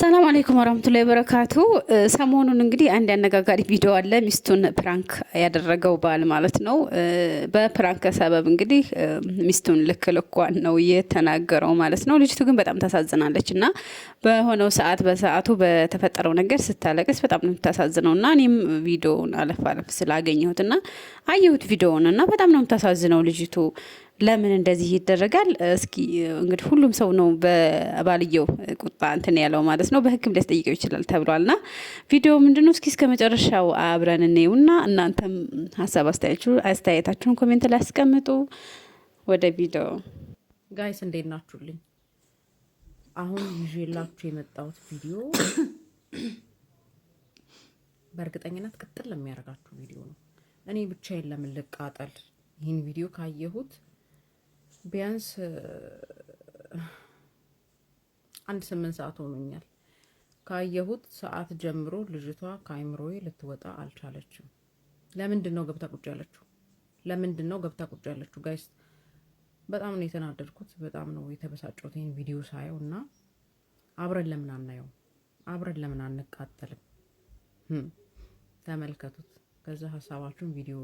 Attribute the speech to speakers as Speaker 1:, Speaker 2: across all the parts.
Speaker 1: ሰላም አለይኩም ወራህመቱላሂ ወበረካቱ። ሰሞኑን እንግዲህ አንድ አነጋጋሪ ቪዲዮ አለ። ሚስቱን ፕራንክ ያደረገው ባል ማለት ነው። በፕራንክ ሰበብ እንግዲህ ሚስቱን ልክ ልኳን ነው የተናገረው ማለት ነው። ልጅቱ ግን በጣም ታሳዝናለች እና በሆነው ሰዓት በሰዓቱ በተፈጠረው ነገር ስታለቅስ በጣም ነው የምታሳዝነው እና እኔም ቪዲዮውን አለፍ አለፍ ስላገኘሁት እና አየሁት ቪዲዮውን እና በጣም ነው የምታሳዝነው ልጅቱ ለምን እንደዚህ ይደረጋል? እስኪ እንግዲህ ሁሉም ሰው ነው በባልየው ቁጣ እንትን ያለው ማለት ነው። በህግም ሊያስጠይቀው ይችላል ተብሏልና ቪዲዮ ምንድነው? እስኪ እስከ መጨረሻው አብረን ና እናንተም ሀሳብ አስተያየታችሁን ኮሜንት ላይ አስቀምጡ። ወደ ቪዲዮ
Speaker 2: ጋይስ፣ እንዴት ናችሁልኝ? አሁን ይዤላችሁ የመጣሁት ቪዲዮ በእርግጠኝነት ቅጥል ለሚያደርጋችሁ ቪዲዮ ነው። እኔ ብቻዬን ለምን ልቃጠል? ይህን ቪዲዮ ካየሁት ቢያንስ አንድ ስምንት ሰዓት ሆኖኛል ካየሁት ሰዓት ጀምሮ ልጅቷ ከአይምሮዬ ልትወጣ አልቻለችም። ለምንድን ነው ገብታ ቁጭ ያለችው? ለምንድን ነው ገብታ ቁጭ ያለችው? ጋይስ በጣም ነው የተናደድኩት። በጣም ነው የተበሳጨሁት ይህን ቪዲዮ ሳየው እና አብረን ለምን አናየው? አብረን ለምን አንቃጠልም? ተመልከቱት። ከዛ ሀሳባችሁን ቪዲዮ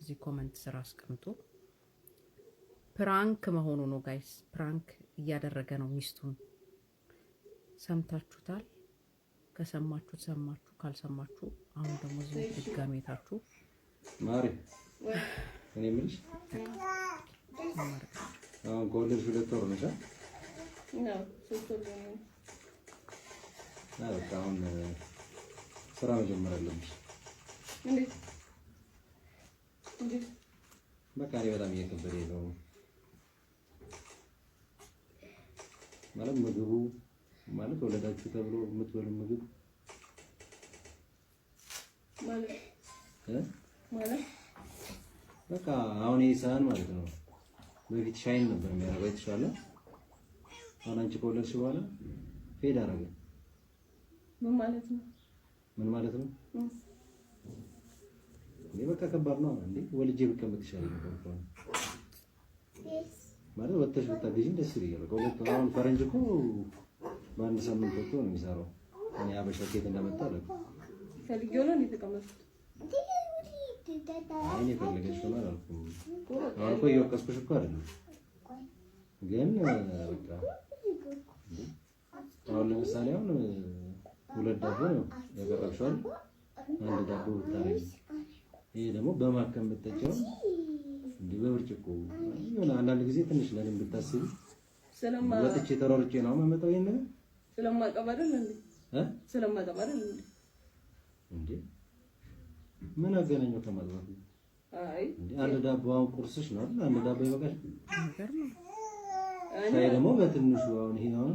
Speaker 2: እዚህ ኮመንት ስራ አስቀምጡ። ፕራንክ መሆኑ ነው ጋይስ። ፕራንክ እያደረገ ነው ሚስቱን። ሰምታችሁታል። ከሰማችሁ ሰማችሁ፣ ካልሰማችሁ አሁን ደግሞ እዚህ ድጋሜ ታችሁ
Speaker 3: ማሪ እኔ የምልሽ አሁን ከወለድሽ ሁለት ወር ነሽ በቃ አሁን ስራ መጀመር አለብሽ። በቃ እኔ በጣም እየከበደ ነው ማለት ምግቡ ማለት ወለዳችሁ ተብሎ የምትበሉ ምግብ
Speaker 4: ማለት ማለት
Speaker 3: በቃ አሁን ይሄ ሰሃን ማለት ነው። በፊት ሻይን ነበር የሚያደርገው የተሻለ። አሁን አንቺ ከወለድሽ በኋላ ፌድ አደረገ። ምን ማለት ነው? ምን ማለት ነው? እኔ በቃ ከባድ ነው እንዴ! ወልጄ ብቀመጥ ይሻላል ነበር ማለት ወጥተሽ ብታገዢኝ ደስ ይለኛል። በቃ አሁን ፈረንጅ እኮ በአንድ ሳምንት ወጥቶ ነው የሚሰራው። እኔ አበሻ ኬት እንደመጣ አለ
Speaker 4: ፈልጌው ነው የተቀመጥኩት።
Speaker 3: ነው አሁን እኮ እየወቀስኩሽ እኮ አይደለም፣ ግን በቃ አሁን ለምሳሌ አሁን ሁለት ዳቦ ነው ያቀረብሽው፣ አንድ ዳቦ ብታረጊ፣ ይሄ ደግሞ በማከም ብትጨው እንዲህ በብርጭቆ የሆነ አንዳንድ ጊዜ ትንሽ ለኔም ብታስቢ ወጥቼ ተሯርጬ ነው ይሄን ስለማቀባደል ምን አገናኘው ከማጥባት? አንድ ዳቦ አሁን ቁርስሽ ነው አይደል? አንድ ዳቦ ይበቃል። ሻይ ደግሞ በትንሹ አሁን ይሄ አሁን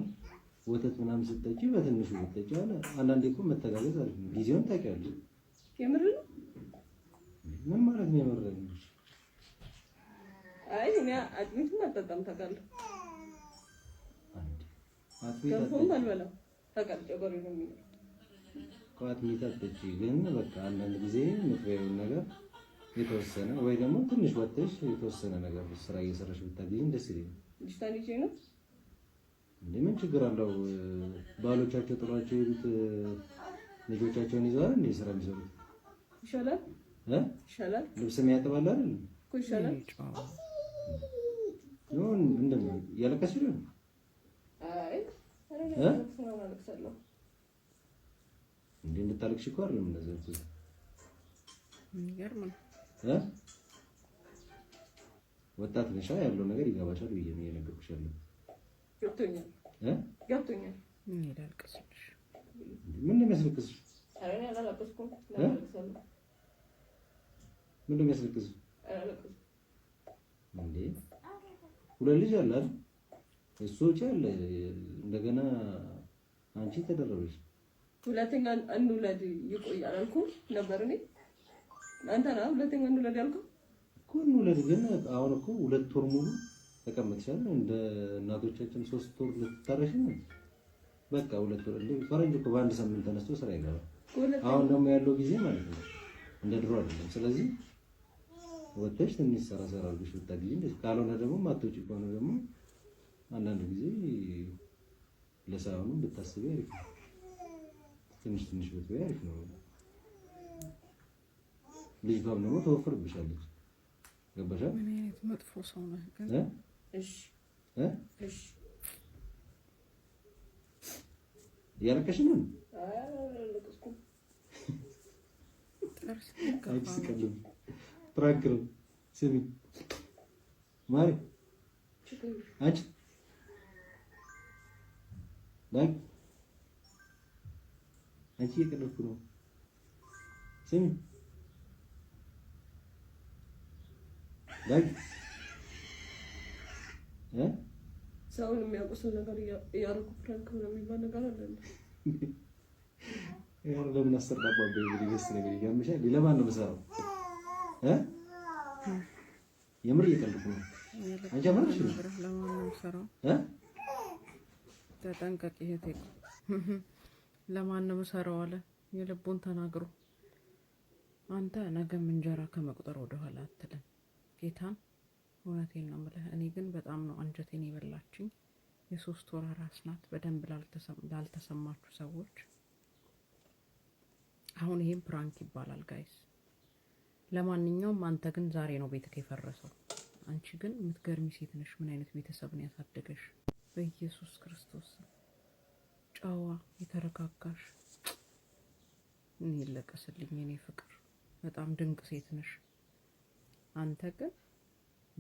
Speaker 3: ወተት ምናምን ስትጠጪ በትንሹ ብትጠጪ፣ አንዳንዴ እኮ መተጋገዝ ጊዜውን ታውቂያለሽ። የምር ነው ምን ማለት ነው የምር ነው
Speaker 4: እኔ አጥሚትም አልጠጣም ታውቃለህ። ገንፎም አልበላም ታውቃለህ። ጨጓራ ነው
Speaker 3: ግን በቃ አንዳንድ ጊዜ የምትበይውን ነገር የተወሰነ ወይ ደግሞ ትንሽ ወጥተሽ የተወሰነ ነገር ስራ እየሰራሽ ብታገኝ ደስ
Speaker 4: ይለኛል።
Speaker 3: ምን ችግር አለው? ባሎቻቸው ጥሏቸው የሄዱት ልጆቻቸውን ይዘዋል እንዴ? ስራ የሚሰሩት ይሻላል፣ ልብስ የሚያጥባል አይደል? ይሻላል እያለቀስ ይላል። አይ እንዴ እንድታለቅሽ እኮ አይደለም። እንደዚህ ነው ወጣት ነሻ ያለው ነገር ይገባሻል ብዬ ነው እየነገርኩሽ ያለው።
Speaker 4: ገብቶኛል ገብቶኛል ምን ነው የሚያስለቅስሽ?
Speaker 3: ምን ነው የሚያስለቅስሽ? እንዴ ሁለት ልጅ አለ አይደል? እሱ ወጪ አለ። እንደገና አንቺ ተደረበች።
Speaker 4: ሁለተኛ እንውለድ ይቆያል አልኩህ ነበር እኔ አንተ ና ሁለተኛ እንውለድ ያልኩህ
Speaker 3: እኮ እንውለድ። ግን አሁን እኮ ሁለት ወር ሙሉ ተቀምጥሻል። እንደ እናቶቻችን ሶስት ወር ልትታረሽ ነው። በቃ ሁለት ወር እንደ ፈረንጅ እኮ በአንድ ሳምንት ተነስቶ ስራ ይገባል። አሁን ደግሞ ያለው ጊዜ ማለት ነው እንደ ድሮ አይደለም። ስለዚህ ወጥተሽ ትንሽ ሰራ ሰራ አድርገሽ ብታግዢ፣ ካልሆነ ደግሞ ማትወጪ ከሆነ ደግሞ አንዳንድ ጊዜ ለሰላሙ ብታስቢ አሪፍ ነው። ትንሽ ትንሽ ብትበይ አሪፍ ነው። ልጅቷም ደግሞ ተወፍርብሻለች። ገባሻል? ምን
Speaker 4: አይነት መጥፎ ሰው ነው ግን? እሺ እሺ
Speaker 3: እያለቀሽ ፕራንክ ነው። ስሚ ማሪ አንቺ ላይ አንቺ እየቀለድኩ ነው። ስሚ ላይ እ
Speaker 4: ሰውን የሚያውቁ ነገር እያደረኩ ፍራንክ ነው የሚባል ነገር አለ።
Speaker 3: ያው ለምን አሰራባ በይብሪ ደስ ነገር ይገምሻል። ለማን ነው የምሰራው እ የምር እየቀለድኩ ነው። አንቺ አመረሽ ነው እ
Speaker 4: ተጠንቀቂ እህቴ። ለማንም ሰራው አለ የልቡን ተናግሮ። አንተ ነገም እንጀራ ከመቁጠር ወደኋላ አትልም። ጌታን እውነቴን ነው የምልህ። እኔ ግን በጣም ነው አንጀቴን የበላችኝ። የሶስት ወር ራስ ናት። በደንብ ላልተሰማችሁ ሰዎች አሁን ይሄም ፕራንክ ይባላል ጋይስ። ለማንኛውም አንተ ግን ዛሬ ነው ቤትክ የፈረሰው። አንቺ ግን የምትገርሚ ሴት ነሽ። ምን አይነት ቤተሰብን ያሳደገሽ በኢየሱስ ክርስቶስ ጨዋ የተረጋጋሽ እኔ ይለቀስልኝ እኔ ፍቅር በጣም ድንቅ ሴት ነሽ። አንተ ግን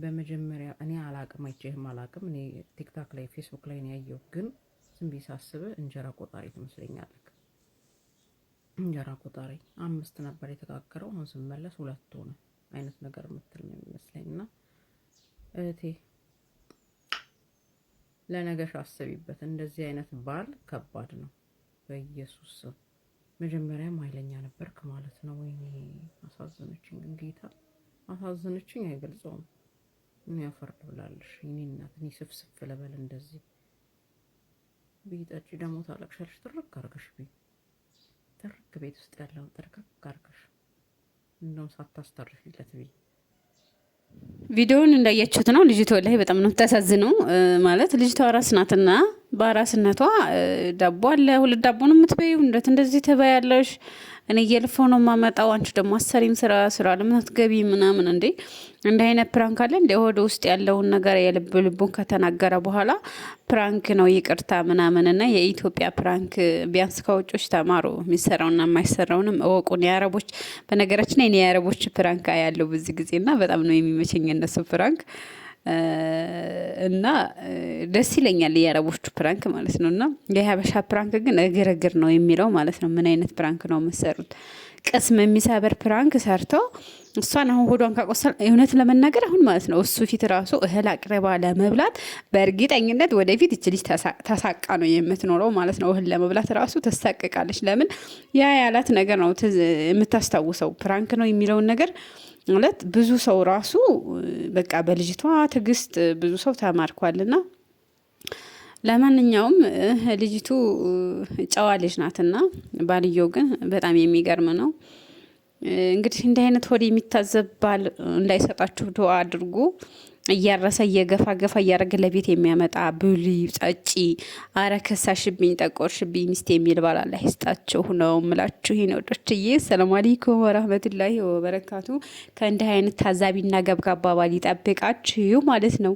Speaker 4: በመጀመሪያ እኔ አላቅም አይቼህም አላቅም። እኔ ቲክታክ ላይ ፌስቡክ ላይ ነው ያየው፣ ግን ዝም ብዬ ሳስብህ እንጀራ ቆጣሪ ትመስለኛለህ። እንጀራ ቆጣሪ አምስት ነበር የተጋገረው፣ አሁን ስመለስ ሁለት ሆነ አይነት ነገር የምትል ነው የሚመስለኝ እና እህቴ ለነገሽ አሰቢበት። እንደዚህ አይነት ባል ከባድ ነው። በኢየሱስ ስም መጀመሪያም ኃይለኛ ነበርክ ማለት ነው። ወይኔ አሳዘነችኝ፣ ግን ጌታ አሳዘነችኝ። አይገልጸውም። ምን ያፈርድ ብላለሽ ይኔ እናት። እኔ ስፍስፍ ለበል እንደዚህ ቢጠጪ ደግሞ ታለቅሻለሽ። ትርክ አርገሽ ቤ ትርክ ቤት ውስጥ ያለውን ጥርቅቅ አርገሽ እንደውም ሳታስተርፊለት ቢ
Speaker 1: ቪዲዮውን እንዳያችሁት ነው። ልጅቷ ላይ በጣም ነው ተሳዝነው ማለት ልጅቷ ራስ ናትና በአራስነቷ ዳቦ አለ ሁለት ዳቦ ነው የምትበይው። እንደት እንደዚህ ትበያለሽ? እኔ እየልፎ ነው የማመጣው። አንቺ ደግሞ አሰሪም ስራ ስራ ለምን አትገቢ ምናምን። እንዴ እንደ አይነት ፕራንክ አለ እንደ ወደ ውስጥ ያለውን ነገር የልብ ልቡን ከተናገረ በኋላ ፕራንክ ነው ይቅርታ ምናምን እና የኢትዮጵያ ፕራንክ ቢያንስ ከውጮች ተማሩ። የሚሰራውና የማይሰራውንም እወቁን። የአረቦች በነገራችን የአረቦች ፕራንክ ያለው ብዙ ጊዜ እና በጣም ነው የሚመቸኝ እነሱ ፕራንክ እና ደስ ይለኛል የአረቦቹ ፕራንክ ማለት ነው። እና የሀበሻ ፕራንክ ግን እግርግር ነው የሚለው ማለት ነው። ምን አይነት ፕራንክ ነው የምትሰሩት? ቅስም የሚሰብር ፕራንክ ሰርተው እሷን አሁን ሆዷን ካቆሰል እውነት ለመናገር አሁን ማለት ነው እሱ ፊት ራሱ እህል አቅርባ ለመብላት በእርግጠኝነት ወደፊት እች ልጅ ተሳቃ ነው የምትኖረው ማለት ነው። እህል ለመብላት ራሱ ተሳቅቃለች። ለምን ያ ያላት ነገር ነው የምታስታውሰው ፕራንክ ነው የሚለውን ነገር ማለት ብዙ ሰው ራሱ በቃ በልጅቷ ትዕግስት ብዙ ሰው ተማርኳልና ለማንኛውም ልጅቱ ጨዋ ልጅ ናትና ባልየው ግን በጣም የሚገርም ነው። እንግዲህ እንዲህ አይነት ሆድ የሚታዘብ ባል እንዳይሰጣችሁ ዱአ አድርጉ። እያረሰ እየገፋ ገፋ እያደረገ ለቤት የሚያመጣ ብሉ፣ ጠጪ፣ አረ ከሳሽብኝ፣ ጠቆርሽብኝ ሚስት የሚል ባል አላህ ይስጣችሁ ነው የምላችሁ። ነውዶችዬ ሰላም አለይኩም ወራህመቱላሂ ወበረካቱ። ከእንዲህ አይነት ታዛቢና ገብጋባ ባል ይጠብቃችሁ ማለት ነው።